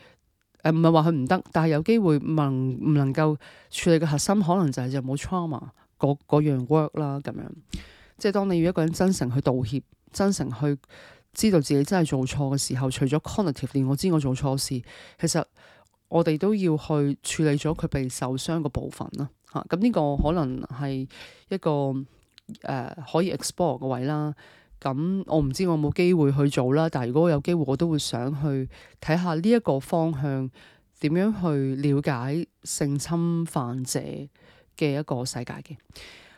[SPEAKER 1] 誒唔係話佢唔得，但係有機會能唔能夠處理嘅核心，可能就係有冇 trauma 嗰樣 work 啦，咁樣即係當你要一個人真誠去道歉，真誠去。知道自己真係做錯嘅時候，除咗 cognitive，我知我做錯事，其實我哋都要去處理咗佢被受傷嘅部分啦。嚇、嗯、咁、這、呢個可能係一個誒、呃、可以 explore 嘅位啦。咁、嗯、我唔知我冇機會去做啦，但係如果我有機會，我都會想去睇下呢一個方向點樣去了解性侵犯者嘅一個世界嘅。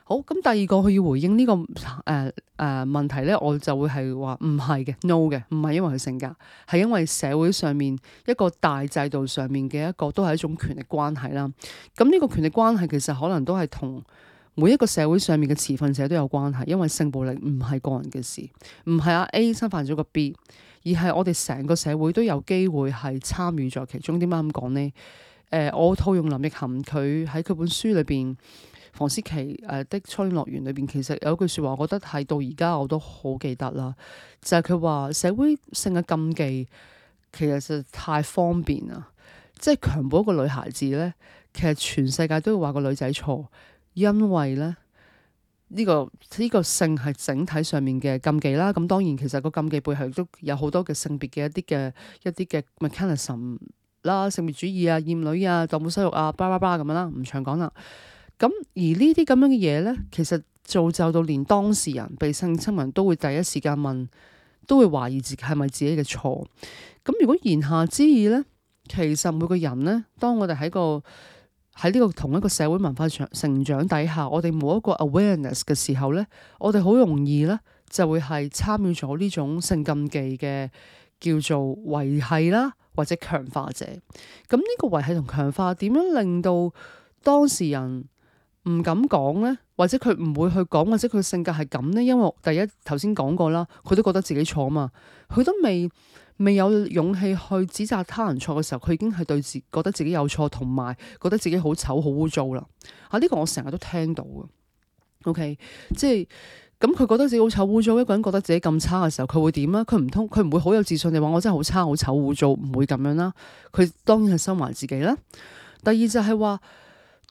[SPEAKER 1] 好，咁第二個佢要回應呢、這個誒誒、呃呃、問題咧，我就會係話唔係嘅，no 嘅，唔係因為佢性格，係因為社會上面一個大制度上面嘅一個，都係一種權力關係啦。咁、嗯、呢、這個權力關係其實可能都係同每一個社會上面嘅持份者都有關係，因為性暴力唔係個人嘅事，唔係啊 A 侵犯咗個 B，而係我哋成個社會都有機會係參與咗其中。點解咁講呢？誒、呃，我套用林奕含佢喺佢本書裏邊，房思琪誒的《初戀樂園》裏邊，其實有一句説話，我覺得係到而家我都好記得啦。就係佢話社會性嘅禁忌其實實太方便啦，即係強暴一個女孩子咧，其實全世界都會話個女仔錯，因為咧呢個呢個性係整體上面嘅禁忌啦。咁當然其實個禁忌背後都有好多嘅性別嘅一啲嘅一啲嘅 mechanism 啦，性別主義啊、厭女啊、蕩婦羞辱啊，巴拉巴拉咁樣啦，唔長講啦。咁而呢啲咁樣嘅嘢呢，其實造就到連當事人、被性侵人都會第一時間問，都會懷疑自係咪自己嘅錯。咁如果言下之意呢，其實每個人呢，當我哋喺個喺呢個同一個社會文化長成長底下，我哋冇一個 awareness 嘅時候呢，我哋好容易呢就會係參與咗呢種性禁忌嘅叫做維繫啦，或者強化者。咁呢個維繫同強化點樣令到當事人？唔敢講呢，或者佢唔會去講，或者佢性格係咁呢？因為第一頭先講過啦，佢都覺得自己錯啊嘛，佢都未未有勇氣去指責他人錯嘅時候，佢已經係對自己覺得自己有錯，同埋覺得自己好醜好污糟啦。啊，呢個我成日都聽到嘅。OK，即係咁，佢覺得自己好醜污糟，一個人覺得自己咁差嘅時候，佢會點啊？佢唔通佢唔會好有自信地話我真係好差好醜污糟，唔會咁樣啦。佢當然係心懷自己啦。第二就係話。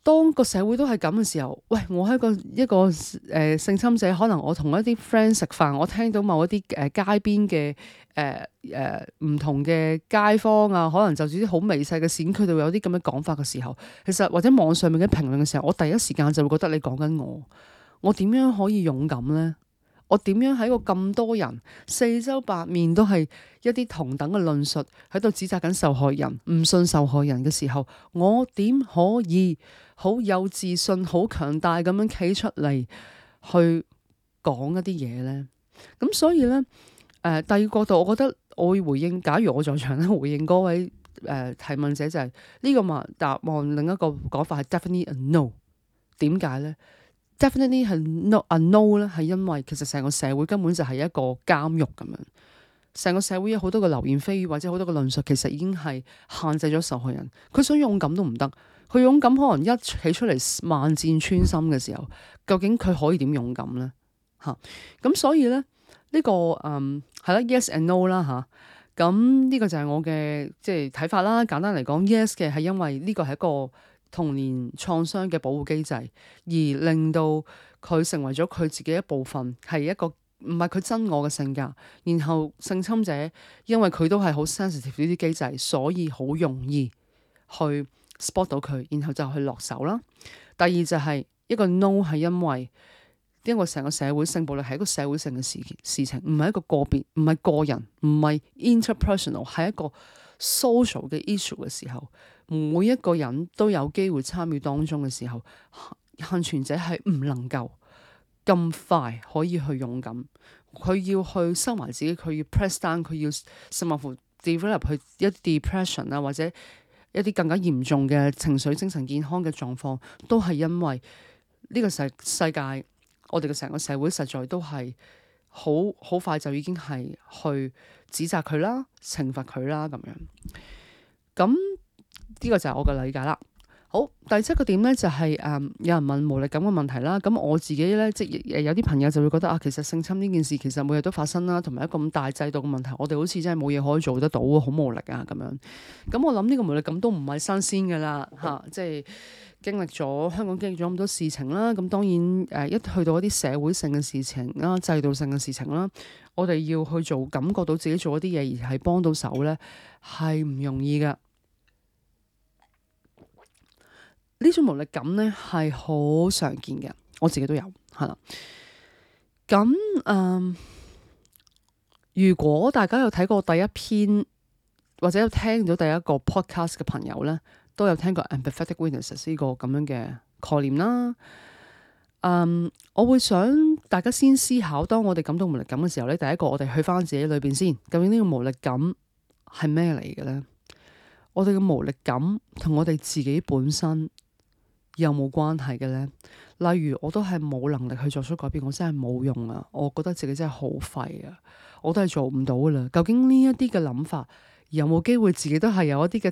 [SPEAKER 1] 當個社會都係咁嘅時候，喂，我係一個一個誒、呃、性侵者，可能我同一啲 friend 食飯，我聽到某一啲誒、呃、街邊嘅誒誒唔同嘅街坊啊，可能就住啲好微細嘅線，佢哋會有啲咁嘅講法嘅時候，其實或者網上面嘅評論嘅時候，我第一時間就會覺得你講緊我，我點樣可以勇敢呢？」我點樣喺個咁多人四周八面都係一啲同等嘅論述喺度指責緊受害人、唔信受害人嘅時候，我點可以好有自信、好強大咁樣企出嚟去講一啲嘢呢？咁所以呢，誒、呃，第二個度，我覺得我會回應。假如我在場咧，回應各位誒、呃、提問者就係、是、呢、這個答案另一個講法係 definitely no。點解呢？definitely 係 no 啊 no 咧，係因為其實成個社會根本就係一個監獄咁樣，成個社會有好多嘅流言蜚語或者好多嘅論述，其實已經係限制咗受害人。佢想勇敢都唔得，佢勇敢可能一起出嚟，萬箭穿心嘅時候，究竟佢可以點勇敢呢？吓、啊，咁、嗯、所以咧、這、呢個嗯係啦，yes and no 啦、啊、吓，咁、啊、呢、嗯呢個就係我嘅即係睇法啦。簡單嚟講，yes 嘅係因為呢個係一個童年創傷嘅保護機制，而令到佢成為咗佢自己一部分，係一個唔係佢真我嘅性格。然後性侵者因為佢都係好 sensitive 呢啲機制，所以好容易去 spot 到佢，然後就去落手啦。第二就係一個 no 係因為因為成個社會性暴力係一個社會性嘅事事情，唔係一個個別，唔係個人，唔係 interpersonal，係一個。social 嘅 issue 嘅時候，每一個人都有機會參與當中嘅時候，幸存者係唔能夠咁快可以去勇敢，佢要去收埋自己，佢要 press down，佢要甚至乎 develop 去一啲 depression 啊，或者一啲更加嚴重嘅情緒、精神健康嘅狀況，都係因為呢個世世界，我哋嘅成個社會實在都係。好好快就已經係去指責佢啦、懲罰佢啦咁樣。咁呢、這個就係我嘅理解啦。好第七個點呢，就係、是、誒、呃、有人問無力感嘅問題啦。咁我自己咧即係有啲朋友就會覺得啊，其實性侵呢件事其實每日都發生啦，同埋一個咁大制度嘅問題，我哋好似真係冇嘢可以做得到，好無力啊咁樣。咁我諗呢個無力感都唔係新鮮㗎喇吓，即係。經歷咗香港經歷咗咁多事情啦，咁當然誒一去到一啲社會性嘅事情啦、制度性嘅事情啦，我哋要去做，感覺到自己做一啲嘢而係幫到手呢，係唔容易嘅。呢種無力感呢，係好常見嘅，我自己都有係啦。咁，呃，如果大家有睇過第一篇或者有聽到第一個 podcast 嘅朋友呢。都有聽過 empathetic witnesses 呢個咁樣嘅概念啦。嗯、um，我會想大家先思考，當我哋感到無力感嘅時候咧，第一個我哋去返自己裏邊先，究竟呢個無力感係咩嚟嘅咧？我哋嘅無力感同我哋自己本身有冇關係嘅咧？例如我都係冇能力去作出改變，我真係冇用啊！我覺得自己真係好廢啊！我都係做唔到噶啦。究竟呢一啲嘅諗法有冇機會自己都係有一啲嘅？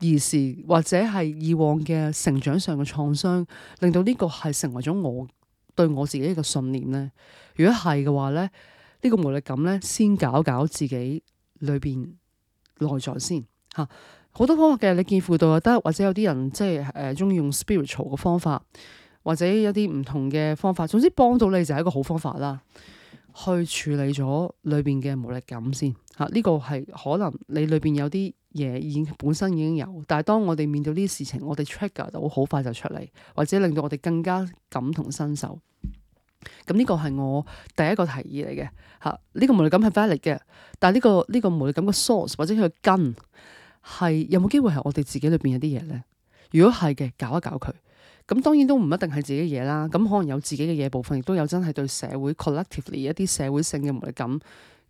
[SPEAKER 1] 而是，或者係以往嘅成長上嘅創傷令到呢個係成為咗我對我自己一個信念咧。如果係嘅話咧，呢個無力感咧，先搞搞自己裏邊內在先吓好，啊、多方法嘅，你見輔導，又得，或者有啲人即係誒中意用 spiritual 嘅方法，或者有啲唔同嘅方法，總之幫到你就係一個好方法啦。去處理咗裏邊嘅無力感先吓，呢、啊，這個係可能你裏邊有啲。嘢已本身已經有，但係當我哋面對呢啲事情，我哋 check 就會好快就出嚟，或者令到我哋更加感同身受。咁呢個係我第一個提議嚟嘅，嚇呢個無力感係 valid 嘅，但係呢個呢個無力感嘅 source 或者佢根係有冇機會係我哋自己裏邊有啲嘢咧？如果係嘅，搞一搞佢。咁當然都唔一定係自己嘅嘢啦，咁可能有自己嘅嘢部分，亦都有真係對社會 collectively 一啲社會性嘅無力感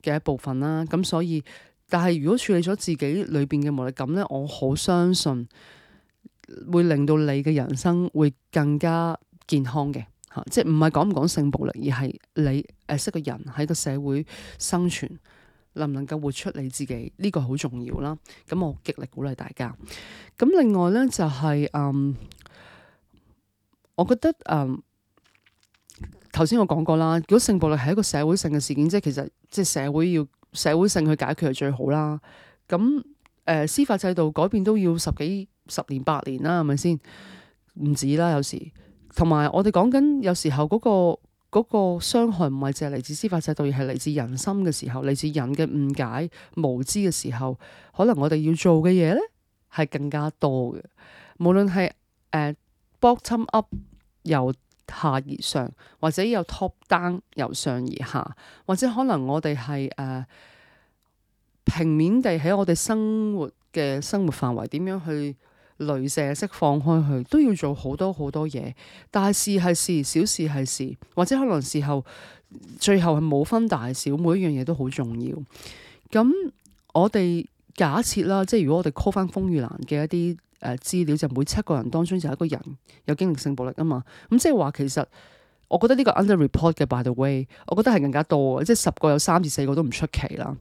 [SPEAKER 1] 嘅一部分啦。咁所以。但係如果處理咗自己裏邊嘅無力感咧，我好相信會令到你嘅人生會更加健康嘅吓、啊，即係唔係講唔講性暴力，而係你誒識個人喺個社會生存，能唔能夠活出你自己呢、呢個好重要啦。咁、啊、我極力鼓勵大家。咁、啊、另外咧就係、是、嗯，我覺得嗯頭先我講過啦，如果性暴力係一個社會性嘅事件，即係其實即係社會要。社會性去解決係最好啦。咁、呃、誒司法制度改變都要十幾十年八年啦，係咪先？唔止啦，有時。同埋我哋講緊有時候嗰、個嗰、個、傷害唔係淨係嚟自司法制度，而係嚟自人心嘅時候，嚟自人嘅誤解、無知嘅時候，可能我哋要做嘅嘢呢，係更加多嘅。無論係 bottom up，由。下而上，或者有 top down 由上而下，或者可能我哋係誒平面地喺我哋生活嘅生活範圍，點樣去鐳射式放開去，都要做好多好多嘢。大事係事，小事係事，或者可能事後最後係冇分大小，每一樣嘢都好重要。咁我哋假設啦，即係如果我哋 call 翻風雨蘭嘅一啲。誒、啊、資料就每七個人當中就有一個人有經歷性暴力啊嘛，咁即係話其實我覺得呢個 underreport 嘅。by the way，我覺得係更加多即係十個有三至四個都唔出奇啦。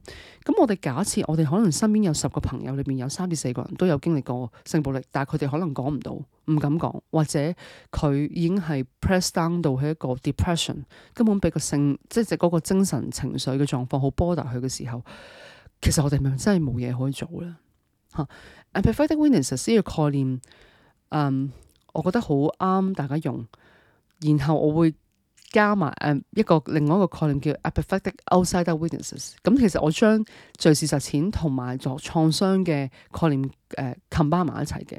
[SPEAKER 1] 咁我哋假設我哋可能身邊有十個朋友裏面有三至四個人都有經歷過性暴力，但係佢哋可能講唔到，唔敢講，或者佢已經係 press down 到係一個 depression，根本俾個性即係嗰個精神情緒嘅狀況好 bother 佢嘅時候，其實我哋咪真係冇嘢可以做啦嚇。啊。Empathetic witness 呢個概念，嗯，我覺得好啱大家用。然後我會加埋誒、呃、一個另外一個概念叫 Empathetic outsider witnesses。咁 witness、嗯、其實我將敘事實踐同埋作創傷嘅概念誒 combine 埋一齊嘅。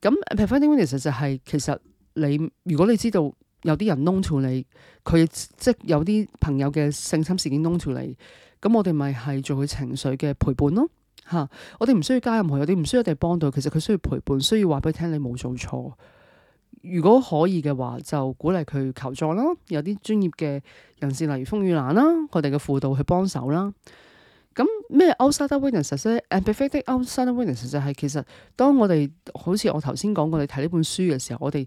[SPEAKER 1] 咁 Empathetic witness 就係、是、其實你如果你知道有啲人弄到你，佢即係有啲朋友嘅性侵事件弄到你，咁我哋咪係做佢情緒嘅陪伴咯。嚇！ 我哋唔需要加任何有啲唔需要佢哋幫到。其實佢需要陪伴，需要話俾聽你冇做錯。如果可以嘅話，就鼓勵佢求助啦。有啲專業嘅人士，例如風雨蘭啦，我哋嘅輔導去幫手啦。咁咩 o u 歐沙德威尼斯咧？And perfect 歐沙德威尼斯就係、是、其實當我哋好似我頭先講，我你睇呢本書嘅時候，我哋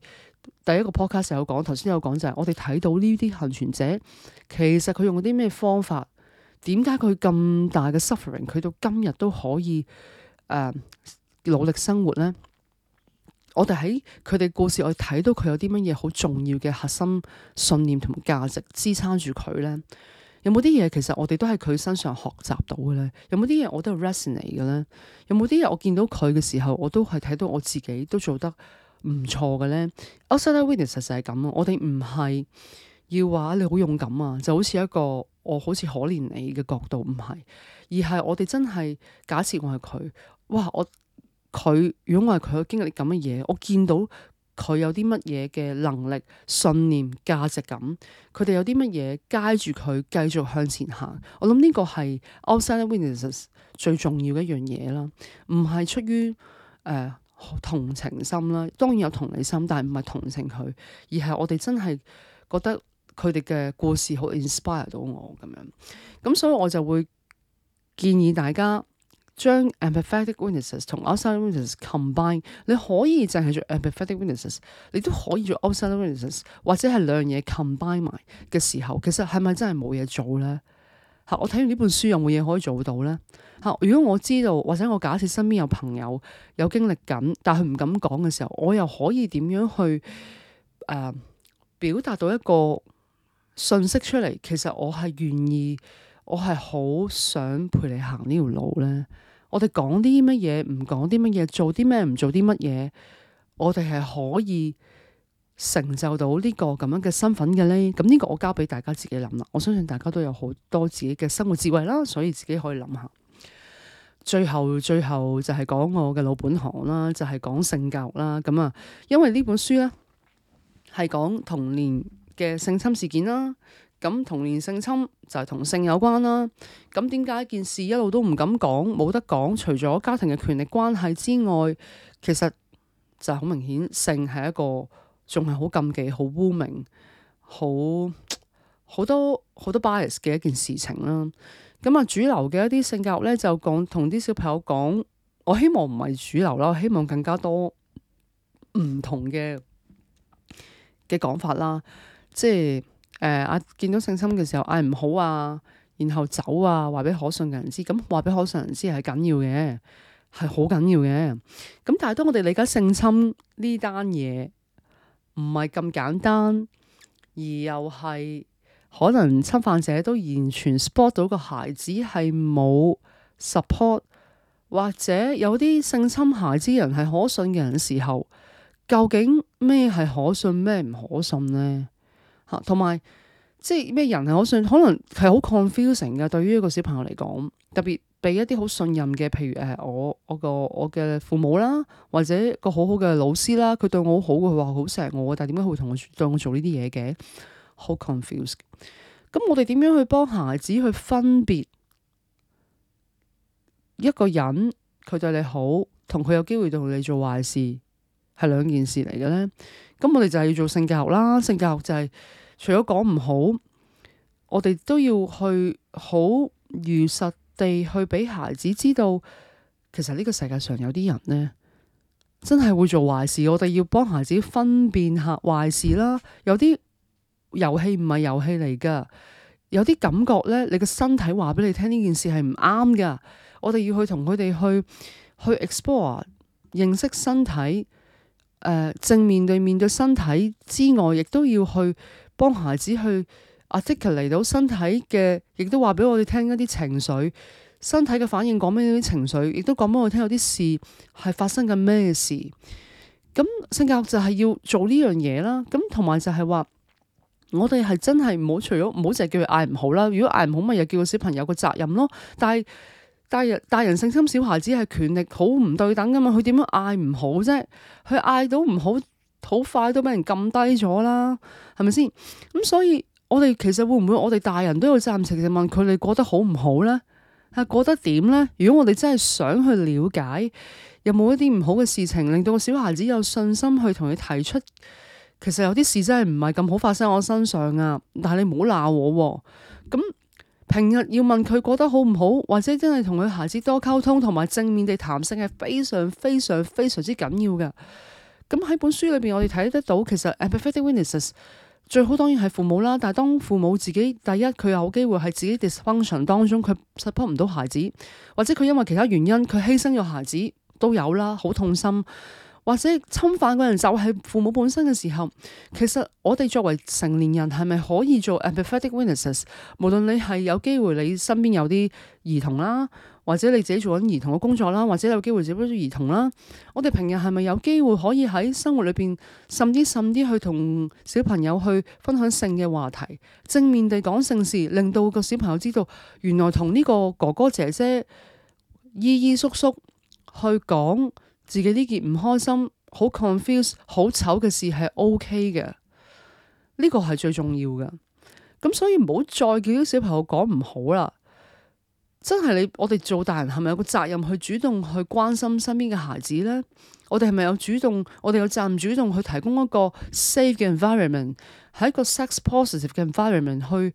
[SPEAKER 1] 第一個 podcast 有講，頭先有講就係我哋睇到呢啲幸存者，其實佢用嗰啲咩方法？點解佢咁大嘅 suffering，佢到今日都可以誒、呃、努力生活咧？我哋喺佢哋故事，我睇到佢有啲乜嘢好重要嘅核心信念同價值支撐住佢咧？有冇啲嘢其實我哋都喺佢身上學習到嘅咧？有冇啲嘢我都係 resonate 嘅咧？有冇啲嘢我見到佢嘅時候，我都係睇到我自己都做得唔錯嘅咧？outsider witness 就係咁啊！我哋唔係要話你好勇敢啊，就好似一個。我好似可憐你嘅角度唔係，而係我哋真係假設我係佢，哇！我佢如果我係佢經歷啲咁嘅嘢，我見到佢有啲乜嘢嘅能力、信念、價值感，佢哋有啲乜嘢街住佢繼續向前行。我諗呢個係 Outside Witness 最重要嘅一樣嘢啦，唔係出於誒、呃、同情心啦，當然有同理心，但係唔係同情佢，而係我哋真係覺得。佢哋嘅故事好 inspire 到我咁樣，咁所以我就會建議大家將 empathetic witnesses 同 outsider witnesses combine。你可以淨係做 empathetic witnesses，你都可以做 outsider witnesses，或者係兩樣嘢 combine 埋嘅時候，其實係咪真係冇嘢做咧？吓，我睇完呢本書有冇嘢可以做到咧？吓，如果我知道或者我假設身邊有朋友有經歷緊，但係佢唔敢講嘅時候，我又可以點樣去誒、呃、表達到一個？信息出嚟，其實我係願意，我係好想陪你行呢條路咧。我哋講啲乜嘢，唔講啲乜嘢，做啲咩，唔做啲乜嘢，我哋係可以成就到呢個咁樣嘅身份嘅呢。咁呢個我交俾大家自己諗啦。我相信大家都有好多自己嘅生活智慧啦，所以自己可以諗下。最後，最後就係講我嘅老本行啦，就係講性教育啦。咁啊，因為呢本書咧係講童年嘅性侵事件啦，咁童年性侵就係同性有關啦。咁，點解件事一路都唔敢講，冇得講？除咗家庭嘅權力關係之外，其實就係好明顯，性係一個仲係好禁忌、好污名、好好多好多 bias 嘅一件事情啦。咁啊，主流嘅一啲性教育呢就講同啲小朋友講，我希望唔係主流啦，希望更加多唔同嘅嘅講法啦。即係誒，阿、呃、見到性侵嘅時候，嗌唔好啊，然後走啊，話俾可信嘅人知。咁話俾可信人知係緊要嘅，係好緊要嘅。咁但係當我哋理解性侵呢單嘢唔係咁簡單，而又係可能侵犯者都完全 support 到個孩子係冇 support，或者有啲性侵孩子人係可信嘅人嘅時候，究竟咩係可信，咩唔可信呢？同埋即係咩人係好信，可能係好 confusing 嘅。對於一個小朋友嚟講，特別俾一啲好信任嘅，譬如誒我我個我嘅父母啦，或者個好好嘅老師啦，佢對我好好嘅，佢話好錫我，但係點解佢會同我對我做呢啲嘢嘅？好 confused。咁我哋點樣去幫孩子去分別一個人佢對你好，同佢有機會同你做壞事？係兩件事嚟嘅呢。咁我哋就係要做性教育啦。性教育就係、是、除咗講唔好，我哋都要去好如實地去俾孩子知道，其實呢個世界上有啲人呢，真係會做壞事。我哋要幫孩子分辨下壞事啦。有啲遊戲唔係遊戲嚟㗎，有啲感覺呢，你個身體話俾你聽，呢件事係唔啱㗎。我哋要去同佢哋去去 explore 認識身體。誒、呃，正面對面對身體之外，亦都要去幫孩子去 articulate 嚟到身體嘅，亦都話俾我哋聽一啲情緒、身體嘅反應，講俾我哋啲情緒，亦都講俾我聽有啲事係發生緊咩事？咁性格就係要做呢樣嘢啦。咁同埋就係話，我哋係真係唔好，除咗唔好淨係叫佢嗌唔好啦。如果嗌唔好，咪又叫個小朋友個責任咯。但係，大人、大人性侵，小孩子係權力好唔對等噶嘛？佢點樣嗌唔好啫？佢嗌到唔好，好快都俾人撳低咗啦，係咪先？咁所以，我哋其實會唔會我哋大人都要暫時就問佢哋過得好唔好呢？係過得點呢？如果我哋真係想去了解，有冇一啲唔好嘅事情令到個小孩子有信心去同佢提出？其實有啲事真係唔係咁好發生喺我身上啊！但係你唔好鬧我咁、哦。平日要問佢過得好唔好，或者真係同佢孩子多溝通，同埋正面地談性係非常非常非常之緊要嘅。咁喺本書裏邊，我哋睇得到其實 imperfect witnesses 最好當然係父母啦。但係當父母自己第一，佢有機會係自己 dysfunction 當中，佢 support 唔到孩子，或者佢因為其他原因，佢犧牲咗孩子都有啦，好痛心。或者侵犯嗰人就係父母本身嘅時候，其實我哋作為成年人係咪可以做 empathetic witnesses？無論你係有機會，你身邊有啲兒童啦，或者你自己做緊兒童嘅工作啦，或者有機會接觸兒童啦，我哋平日係咪有機會可以喺生活裏邊滲啲滲啲去同小朋友去分享性嘅話題，正面地講性事，令到個小朋友知道原來同呢個哥哥姐姐、姨姨、叔叔去講。自己呢件唔開心、好 confuse、OK、好醜嘅事係 OK 嘅，呢個係最重要嘅。咁所以唔好再叫啲小朋友講唔好啦。真係你我哋做大人係咪有個責任去主動去關心身邊嘅孩子呢？我哋係咪有主動？我哋有責任主動去提供一個 safe 嘅 environment，係一個 sex positive 嘅 environment，去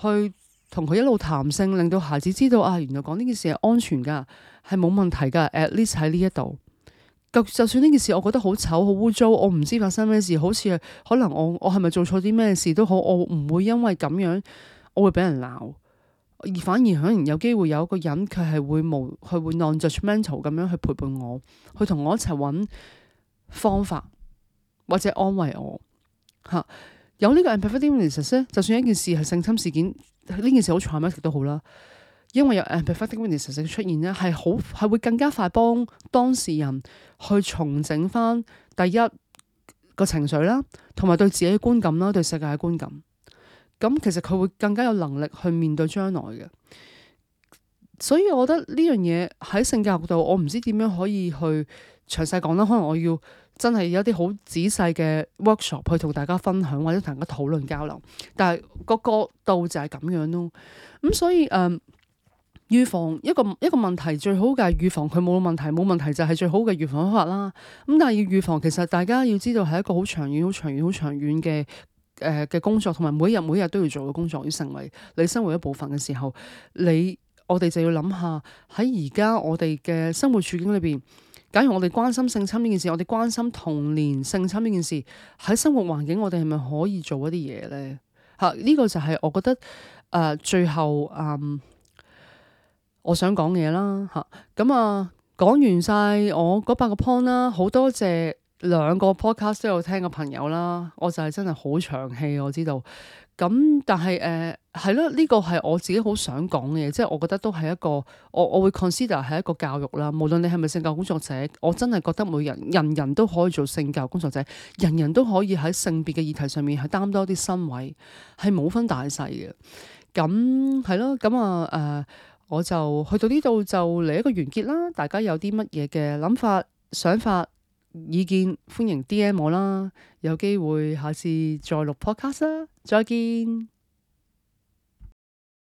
[SPEAKER 1] 去同佢一路談性，令到孩子知道啊，原來講呢件事係安全㗎，係冇問題㗎。At least 喺呢一度。就算呢件事我覺得好醜、好污糟，我唔知發生咩事，好似可能我我係咪做錯啲咩事都好，我唔會因為咁樣，我會俾人鬧，而反而可能有機會有一個人佢係會無佢會 nonjudgmental 咁樣去陪伴我，去同我一齊揾方法或者安慰我嚇、啊。有呢個 empathy 其實咧，就算一件事係性侵事件，呢件事、um、好慘啊，亦都好啦。因為有 empathetic witness 出現咧，係好係會更加快幫當事人去重整翻第一個情緒啦，同埋對自己嘅觀感啦，對世界嘅觀感。咁其實佢會更加有能力去面對將來嘅。所以，我覺得呢樣嘢喺性教育度，我唔知點樣可以去詳細講啦。可能我要真係有啲好仔細嘅 workshop 去同大家分享，或者同人家討論交流。但係個角度就係咁樣咯。咁、嗯、所以，誒、嗯。預防一個一個問題最好嘅係預防佢冇問題，冇問題就係最好嘅預防方法啦。咁但係要預防，其實大家要知道係一個好長遠、好長遠、好長遠嘅誒嘅工作，同埋每日每日都要做嘅工作，要成為你生活一部分嘅時候，你我哋就要諗下喺而家我哋嘅生活處境裏邊，假如我哋關心性侵呢件事，我哋關心童年性侵呢件事，喺生活環境我哋係咪可以做一啲嘢咧？吓，呢個就係我覺得誒、呃，最後嗯。呃我想講嘢啦嚇，咁啊講完晒我嗰八個 point 啦，好多謝兩個 podcast 都有聽嘅朋友啦，我就係真係好長氣我知道，咁但係誒係咯，呢個係我自己好想講嘅嘢，即係我覺得都係一個我我會 consider 係一個教育啦，無論你係咪性教育工作者，我真係覺得每人人人都可以做性教育工作者，人人都可以喺性別嘅議題上面去擔多啲身位，係冇分大細嘅，咁係咯，咁啊誒。啊我就去到呢度就嚟一個完結啦，大家有啲乜嘢嘅諗法、想法、意見，歡迎 DM 我啦，有機會下次再錄 podcast 啦，再見。